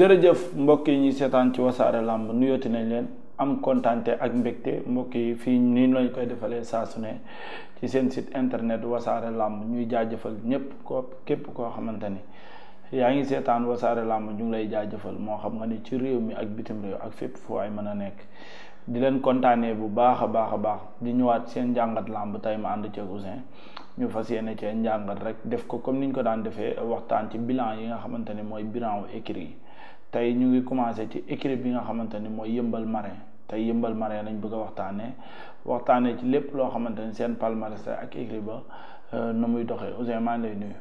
jërëjëf mbokk yi ñuy seetaan ci wasaare làmb nuyooti nañ leen am kontante ak mbégte mbokk yi fii nii lañ koy defalee saa ne ci seen site internet wasaare làmb ñuy jaajëfal ñëpp ko képp koo xamante ni yaa ngi seetaan wasaare làmb ñu ngi lay jaajëfal moo xam nga ni ci réew mi ak bitim réew ak fépp fu ay mën a nekk di leen kontaanee bu baax a baax a baax di ñëwaat seen njàngat làmb tey ma ànd ci Ouzin ñu fas yéene cee njàngat rek def ko comme ni ñu ko daan defee waxtaan ci bilan yi nga xamante ne mooy bilan wu yi tey ñu ngi commencé ci écurie bi nga xamante ni mooy yëmbal marin tey yëmbal marin lañ bëgg a waxtaanee waxtaanee ci lépp loo xamante ni seen palmarès ak écurie ba euh, na muy doxee Ousseyn maa ngi lay nuyu.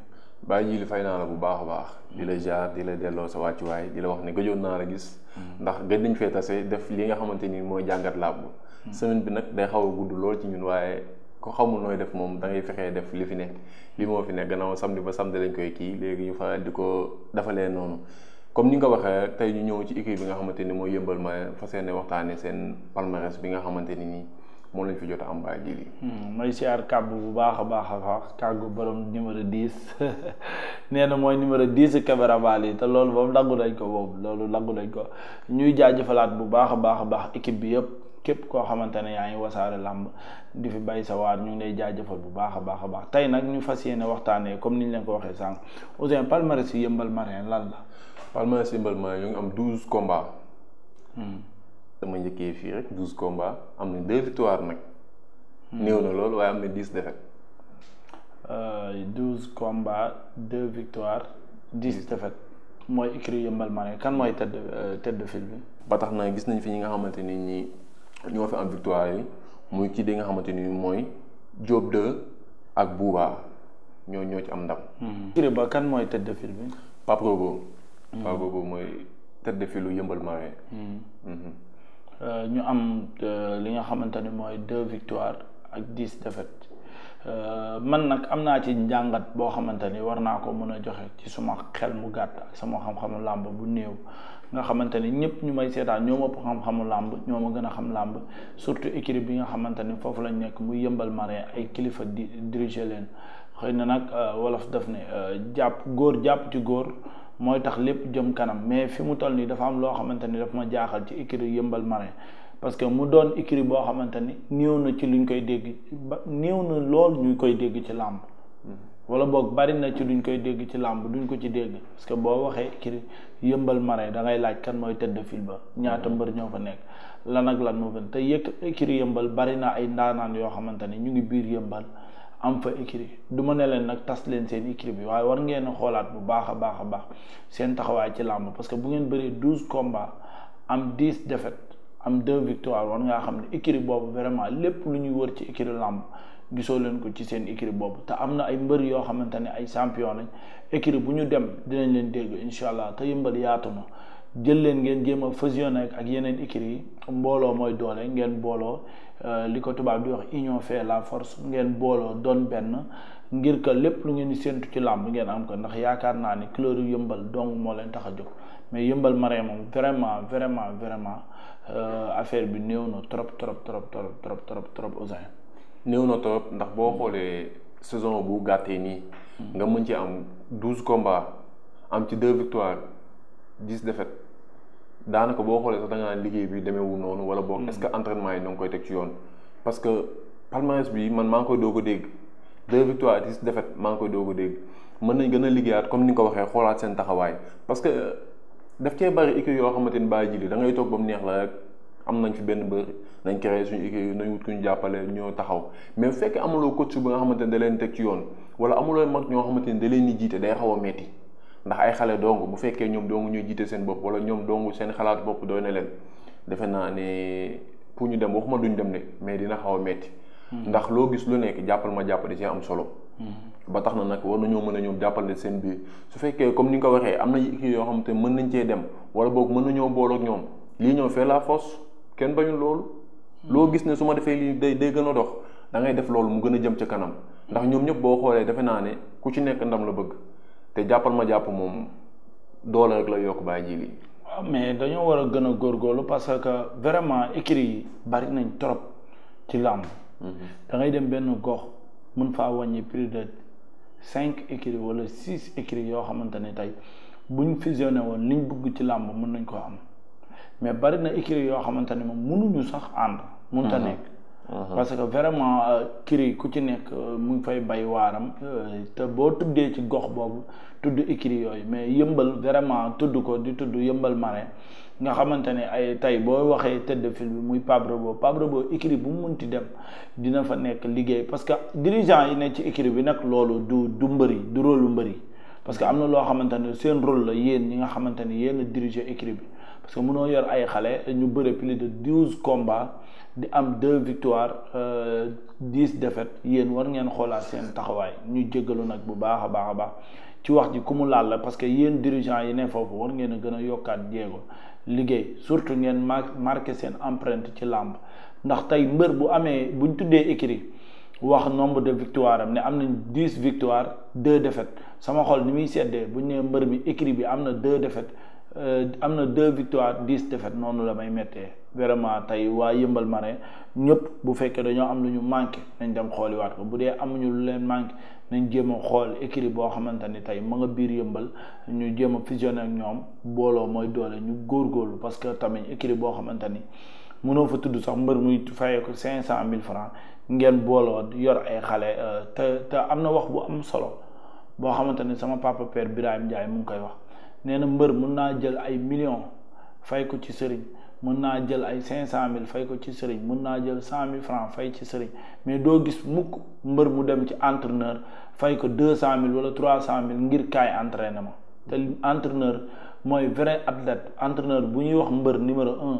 bàyyi ji li fay naa la bu baax a baax di la jaar di la delloo sa wàccuwaay di la wax ne gëjoon naa la gis mm-hmm. ndax gëj nañ fee tase def li nga xamante ni mooy jàngat làmb mm-hmm. semaine bi nag day xaw a gudd lool ci ñun waaye ko xamul nooy def moom da fexee def li fi ne li moo fi ne gannaaw samedi ba samedi lañ koy kii léegi ñu fa di ko defalee noonu comme ni nga waxee tey ñu ñëw ci équipe bi nga xamante ni mooy yëmbal ma fas yéene waxtaanee seen palmarès bi nga xamante ni nii moo lañ fi jot a am baa ji li mooy hmm, siyaar kàbb bu baax a baax a baax kàggu borom numéro 10 nee na mooy numéro 10 Kéberavale yi te loolu moom langu nañ ko boobu loolu langu nañ ko ñuy jëfalaat bu baax a baax a baax équipe bi yëpp képp koo xamante ne yaa ngi wasaare làmb di fi bay sa waar ñu ngi lay jaajëfal bu baax a baax a baax tey nag ñu fas yéene waxtaanee comme ni ñu leen ko waxee sànq Ouzin palmarès yi yëmbal marin lal la Palma Simbalma ñu ngi am douze combats. Hmm. dama njëkkee fii rek douze combats am na deux victoires nag. Hmm. néew na loolu waaye am na dix défaites. Euh, douze combats deux victoires dix défaites mooy écrit yëmbal maa kan mooy tête de euh, tête de bi. ba tax na gis nañ fi ñi nga xamante ni ñi ñoo fi am victoire yi muy kii di nga xamante ni mooy Diop 2 ak Bouba ñoo ñoo ci am ndam. Hmm. écrit ba kan mooy tête de file bi. paa mm-hmm. boobu mooy tête de filu yëmbal marin mm-hmm. mm-hmm. euh, ñu am euh, li nga xamante ni mooy deux victoires ak dix défaites euh, man nag am naa ci njàngat boo xamante ni war naa ko mën a joxe ci suma xel mu gàtt ak sama xam-xamu làmb bu néew nga xamante ni ñëpp ñu may seetaan ñoo ma xam-xamu làmb ñoo ma gën a xam làmb surtout équipe bi nga xamante ni foofu lañu nekk muy yëmbal marin ay kilifa di diriger leen xëy na nag wolof daf ne jàpp góor jàpp ci góor mooy tax lépp jëm kanam mais fi mu toll nii dafa am loo xamante ni daf ma jaaxal ci écurie yëmbal marin parce que mu doon écurie boo xamante ni néew na ci lu ñu koy dégg ba néew na lool ñu koy dégg ci làmb mm-hmm. wala boog bari na ci luñ koy dégg ci làmb duñ ko ci dégg parce boo waxee écurie yëmbal marin da laaj kan mooy tëdd fil ba ñaata mm-hmm. mbër ñoo fa nekk lan ak lan moo te yëkk écurie yëmbal bari na ay ndaanaan yoo xamante ni ñu ngi biir yëmbal am fa écrit du ma ne leen nag tas leen seen écrit bi waaye war ngeen xoolaat bu baax a baax a baax seen taxawaay ci làmb parce que bu ngeen bëree douze combats am dix defet am deux victoires war ngaa xam ne écrit boobu vraiment lépp lu ñuy wër ci écrit làmb gisoo leen ko ci seen écrit boobu te am na ay mbër yoo xamante ne ay champion lañ écrit bu ñu dem dinañ leen dégg incha allah te yëmbal yaatuma jël leen ngeen jéem a fusionné ak yeneen écuries yi mbooloo mooy doole ngeen booloo euh, li ko tubaab di wax union fait la force ngeen booloo doon benn ngir que lépp lu ngeen di séntu ci làmb ngeen am ko ndax yaakaar naa ni couleur yëmbal doom moo leen tax a jóg mais yëmbal maree moom vraiment vraiment vraiment euh, affaire bi néew na trop trop trop trop trop trop trop Ouzin néew na trop ndax boo xoolee saison bu gàttee nii hmm. nga mën ci am douze combats am ci deux victoires dix défaites daanaka boo xoolee sax da nga liggéey bi demeewul noonu wala boog est-ce que mm. entraînement yi ñoo ngi koy teg ci yoon parce que palmarès bi man maa ngi koy doog a dégg deux victoires dix défaites maa ngi koy doog a dégg mën nañ gën a liggéeyaat comme ni nga ko waxee xoolaat seen taxawaay parce que euh, daf cee bari équipe yoo xamante ni bàyyi jili da ngay toog ba mu neex la rek am nañ fi benn bër nañ créé suñu équipe nañ wut ku jàppale ñoo taxaw mais bu amuloo coach xamante ni da leen teg ci yoon wala amuloo mag ñoo xamante ni da leen di jiite day xaw a metti ndax ay xale dong bu fekkee ñoom dong ñuy jiite seen bopp wala ñoom dong seen xalaat bopp doy na leen defe naa ne pour ñu dem waxuma duñ dem ne mais dina xaw a metti hmm. ndax loo gis lu nekk jàppal ma jàpp di am solo. Hmm. ba tax na nag war nañoo mën a ñoom jàppale seen biir su fekkee comme ni nga ko waxee am na yoo xam te mën nañ cee dem wala boog mën nañoo bool ñoom lii ñoo fee la force kenn bañul loolu. Hmm. loo gis ne su ma defee lii day day gën a dox da ngay def loolu mu gën a jëm ca kanam. ndax ñoom ñëpp boo xoolee defe naa ne ku ci nekk ndam la bëgg. te jàppal ma jàpp moom doole rek la yokk bàyyi ji lii. mais dañoo war a gën a góor góorgóorlu parce que vraiment écrit yi bari nañ trop ci làmb. Mhm. da ngay dem benn gox mën faa wàññi plus de cinq écrit wala six écrit yoo xamante ne tey buñ fusionné woon niñ bugg ci làmb mën nañ koo am mais bari na écrit yoo xamante ne moom mënuñu sax ànd. mënut a mhm. nekk. Uh-huh. parce que vraiment euh, kiri ku ci nekk euh, mu ngi fay bay waaram euh, te boo tuddee ci gox boobu tudd ikiri yooyu mais yëmbal vraiment tudd ko di tudd yëmbal mare nga xamante ne ay tey boo waxee tëdd film bi muy Pape Robo Pape Robo écurie bu mu mun ti dem dina fa nekk liggéey parce que dirigeant yi ne ci écurie bi nag loolu du du mbëri du rôle lu mbëri parce que am na loo xamante ne seen rôle la yéen ñi nga xamante ne yéen a diriger écurie bi parce que mënoo yor ay xale ñu bëre plus de douze combats di am deux victoires euh, dix défaites yéen war ngeen xoolaat seen taxawaay ñu jéggalu nag bu baax a baax a baax ci wax ji ku mu laal la parce que yéen dirigeants yi ne foofu war ngeen a gën a yokkaat jéego liggéey surtout ngeen marqué seen empreinte ci làmb ndax tey mbër bu amee buñ tuddee écrit wax nombre de victoire am ne am nañ dix victoire deux défaites sama xol ni muy seddee buñ nee mbër mi écrit bi am na deux défaites Euh, am na deux victoires dix défaites noonu la may méttee vraiment tey waa yëmbal Marin ñëpp bu fekkee dañoo am lu ñu manqué nañ dem xooliwaat ko bu dee amuñu lu leen manqué nañ jéem a xool écrit boo xamante ni tey ma nga biir yëmbal ñu jéem a fusionné ak ñoom booloo mooy doole ñu góor parce que tamit écrit boo xamante ni mënoo fa tudd sax mbër muy fayee cinq cent mille francs ngeen booloo yor ay xale euh, te te am na wax bu am solo boo xamante ni sama papa père Ndiaye mu ngi koy wax. nee na mbër mun naa jël ay millions fay ko ci sëriñ mun naa jël ay cinq cent mille fay ko ci sëriñ mun naa jël cent mille francs fay ci sëriñ mais doo gis mukk mbër mu dem ci entraîneur fay ko deux cent mille wala trois cent mille ngir kaay ma te entraîneur mooy vrai athlète entraîneur bu ñuy wax mbër numéro un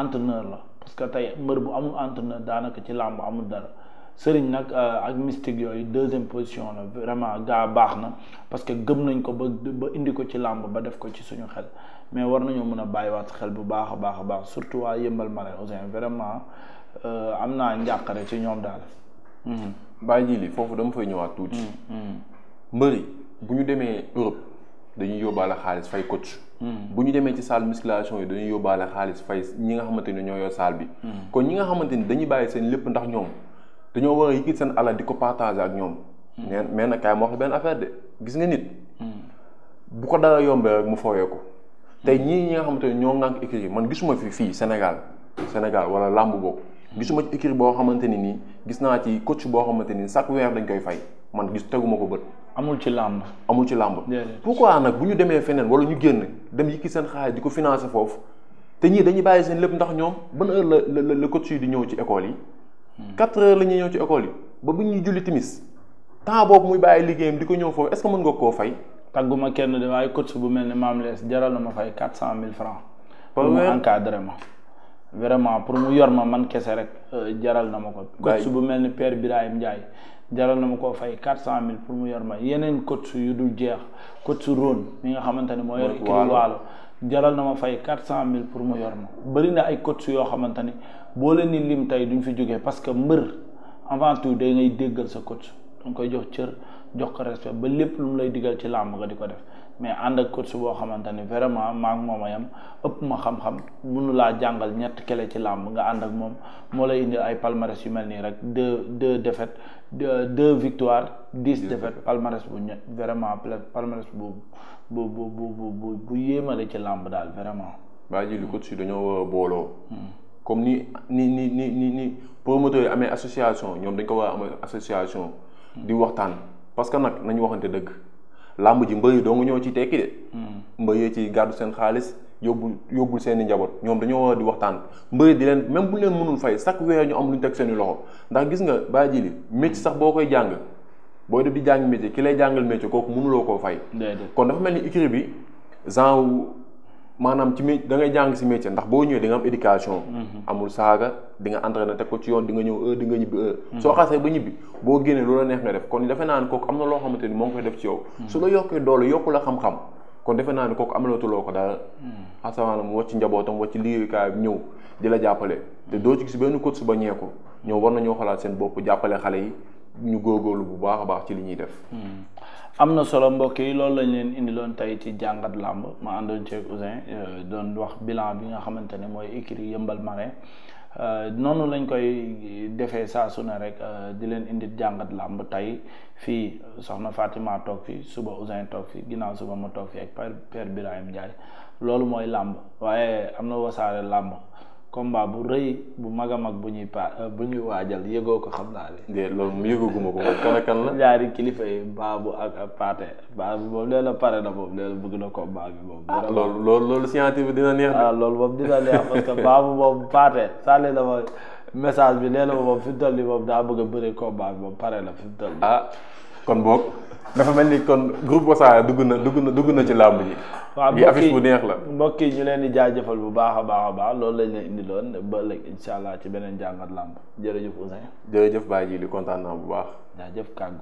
entraîneur la parce que tey mbër bu amul entraîneur daanaka ci làmb amul dara sëriñ nag euh, ak mystique yooyu deuxième position la vraiment gaa baax na parce que gëm nañ ko ba ba indi ko ci làmb ba def ko ci suñu xel mais war nañoo mën a bàyyiwaat xel bu baax a baax a baax surtout waa yëmbal Marème Ouzin vraiment euh, am naa njàqare ci ñoom daal. Mhm. bàyyi ji li foofu dama fay ñëwaat tuuti. Mhm, mhm. mbëri bu ñu demee Europe dañuy yóbbaale xaalis fay coach. bu ñu demee ci salle musculation yi dañuy yóbbaale xaalis fay ñi nga xamante ne ñoo yor salle bi. kon ñi nga xamante ni dañuy bàyyi seen lépp ndax ñoom. dañoo war a yëkkati seen alal di ko partager ak ñoom. neen hmm. mais nag kaay ma wax la benn affaire de gis nga nit. Hmm. bu ko dara yombee rek mu fooyee ko. Hmm. tey ñii ñi nga xamante ne ñoo ngànk écurie man gisuma fi fii Sénégal Sénégal wala làmb boobu. gisuma ci écurie boo xamante ni nii gis naa ci coach boo xamante ni chaque weer dañ koy fay man gis teguma ko bët. amul ci làmb. amul ci làmb. pourquoi nag bu ñu demee feneen wala ñu génn dem yëkki seen xaalis di ko financer foofu te ñii dañuy bàyyi seen lépp ndax ñoom ban heure la la la coach yi di ñëw ci école yi. Hmm. quatre heures la ñuy ñëw ci école yi ba bu ñuy julli timis temps muy bàyyi liggéeyam di ko ñëw foofu est-ce mën nga koo fay. tagguma kenn de waaye su bu mel ne maam lees jaral na ma fay quatre cent mille francs pour ma vraiment pour mu yor ma man kese rek euh, jaral na ma ko coach bu mel ni per Birahim Ndiaye jaral na ma koo fay quatre cent mille pour mu yor ma yeneen coach yu dul jeex coach Rhone mi nga xamante ne moo yor équipe waalo jaral na ma fay quatre cent mille pour mu yor ma bëri na ay coach yoo xamante ni boo leen ni lim tey duñ fi jógee parce que mbër avant tout day déggal sa coach danga koy jox cër jox ko respect ba lépp lu mu lay digal ci làmb nga di ko def mais ànd ak coach boo xamante ne vraiment maa ngi moom a yam ëpp ma xam-xam mënu laa jàngal ñett kele ci làmb nga ànd ak moom moo lay indil ay palmarès yu mel nii rek deux deux défaites deux victoires dix défaites palmarès bu ñett vraiment palmarès bu bu bu bu bu bu yéemale ci làmb daal vraiment. baa ji li si yi dañoo booloo. Hmm. comme ni ni ni ni ni ni promoteurs yi amee association ñoom dañ ko war a amee association. Hmm. di waxtaan parce que nag nañu waxante dëgg. làmb ji mbëy doo nga ñoo ci tekki de. Hmm. mbëy ci gàddu seen xaalis yóbbul yóbbul seen i njaboot ñoom dañoo war di waxtaan mbëy di leen même bu leen mënul fay chaque weer ñu am lu ñu teg seen i loxo ndax gis nga bàyyi ji li métier sax boo koy jàng boo def di jàng métier ki lay jàngal métier kooku mënuloo koo fay. kon dafa mel ni écurie bi genre maanaam ci métier da ngay jàng si métier ndax boo ñëwee di nga am éducation. Mhm. amul saaga di nga entraîné teg ko ci yoon di nga ñëw di nga ñibbi heure. Mhm. soo xasee ba ñibbi boo génnee loola neex nga def kon defe naa ne kooku am na loo xamante ni moo ngi koy def ci yow. Mhm. su la yokkee doolu yokku la xam-xam kon defe naa ne kooku amelatuloo ko daal. asamaan mu wàcc njabootam wàcc liggéeyukaay bi ñëw di la jàppale. te doo ci gis benn coach ba ñeeku ñoo war nañoo xalaat seen bopp jàppale xale yi ñu góorgóorlu bu baax a baax ci li ñuy def. Hmm. am na solo mbokk yi loolu lañ leen indiloon tey ci jàngat làmb ma àndoon ceeg Ousin euh, doon wax billan bi nga xamante ne mooy écurie Yeumbeul Marin euh, noonu lañ koy defee saa su ne rek euh, di leen indi jàngat làmb tey fii soxna Fatima toog fi suba Ousin toog fi ginnaaw suba ma toog fi ak père Birahim Ndiaye loolu mooy làmb waaye am na wasaare làmb combat bu rëy bu mag a mag bu ñuy pa euh, bu ñuy waajal yëgoo ko xam naa ne. de loolu mu yëgaguma ko moom kan ak la. ñaari kilifa yi baabu ak paate baabu moom nee na na moom bëgg na combat bi moom. ah loolu loolu loolu scientifique dina neex. ah loolu moom dina neex parce que baabu moom paate sànni na ma message bi nee na moom fi mu nii moom daa bëgg a bëri baa bi moom pare na fi mu toll kon boog dafa mel ni kon groupe Wassare dugg na dugg na dugg na ci làmb yi waaw mbokk affiche bu neex la. mbokk yi ñu leen di jaajëfal bu baax a baax a baax loolu lañ leen indi loon ba ëllëg incha allah ci beneen jàngat làmb jërëjëf Ousseyn. jërëjëf Baye Djily kontaan naa bu baax. jaajëf kàggu.